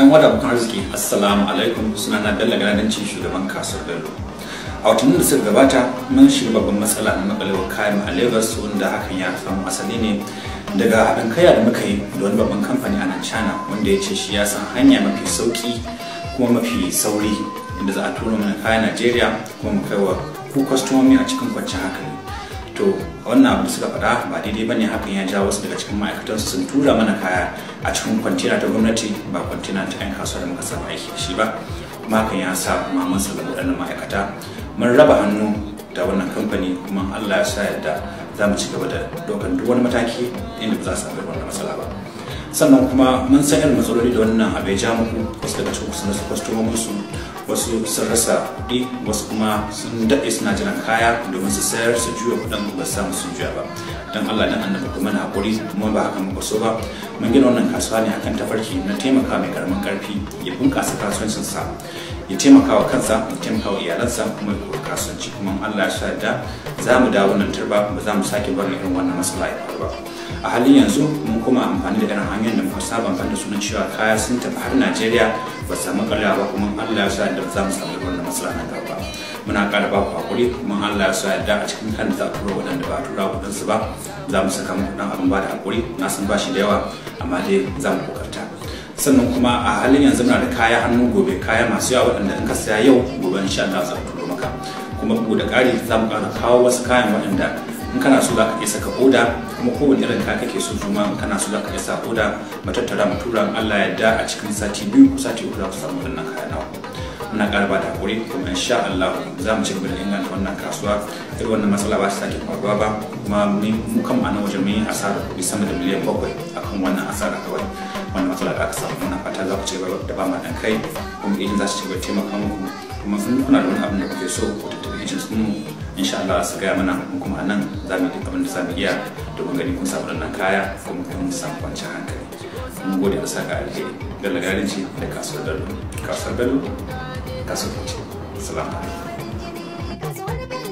'yan wada bukan arziki assalamu alaikum suna na dalla ganadancin shugaban kasuwar bello a watannin da suka gabata mun shiga babban matsala na makalewar kayan a lagos wanda hakan ya samu asali ne daga haɗin kaya da muka yi da wani babban kamfani a nan china wanda ya ce shi ya san hanya mafi sauki kuma mafi sauri inda za a tura mana kayan najeriya kuma mu kaiwa ku kwastomomi a cikin kwanciyar hankali to wannan abu suka faɗa ba daidai bane hakan ya ja wasu daga cikin ma'aikatan su sun tura mana kaya a cikin kwantena ta gwamnati ba kwantena ta 'yan kasuwar da muka samu aiki da shi ba kuma hakan ya sa kuma mun sallama waɗannan ma'aikata mun raba hannu da wannan kamfani kuma Allah ya sa yadda za mu ci gaba da ɗaukan duk wani mataki inda ba za su samu wannan matsala ba sannan kuma mun san irin matsaloli da wannan abai ja muku wasu daga cikin sun rasa kwastomomin musu wasu sun rasa kuɗi wasu kuma sun daɗe suna jiran kaya domin su sayar su juya kuɗin ba su samu sun juya ba don Allah dan annabi kuma na hakuri kuma ba hakan ba so ba mun gina wannan kasuwa ne akan tafarki na taimaka mai karamin karfi ya bunƙasa kasuwancinsa ya taimaka wa kansa ya taimaka wa iyalansa kuma ya kasance kuma Allah ya yarda za mu dawo nan turba ba za mu sake barin irin wannan matsala ya faru ba a halin yanzu mun kuma amfani da irin hanyoyin da muka saba amfani da su cewa kaya sun tafi har Najeriya ba su samu karya ba kuma Allah ya yarda za mu samu wannan matsala na gaba muna ƙara ba ku hakuri kuma Allah ya yadda a cikin kan za a tura waɗanda ba a tura waɗansu ba za mu saka muku ɗan abin ba da hakuri na sun ba shi da yawa amma dai za mu kokarta sannan kuma a halin yanzu muna da kaya hannu gobe kaya masu yawa waɗanda in ka saya yau gobe sha Allah za turo maka kuma bugu da ƙari za mu ƙara kawo wasu kayan waɗanda in kana so za ka iya saka oda kuma kowane irin kaya kake so zuma in kana so za ka iya saka oda mu tattara mu tura Allah ya da a cikin sati biyu ko sati uku za ku samu wannan kaya nawa muna ƙara ba da haƙuri kuma sha Allah za mu ci gaba da inganta wannan kasuwa irin wannan matsala ba ta sake faruwa ba kuma mu kan ma'ana wajen mun yi asara kuɗi sama da miliyan bakwai akan wannan asara kawai matsala da aka samu muna fata za ku ci gaba da ba ma ɗan kai kuma ejin za su ci gaba taimaka muku kuma sun kuna da wani abin da kuke so ku tattaɓa ejin sun mu insha Allah su gaya mana kuma a nan za mu yi abin da za mu iya domin gani kun samu ɗan kaya kuma kun samu kwanciyar hankali mun gode da saka alheri da lagarin da kasuwar bello kasuwar bello kasuwar ce salamu alaikum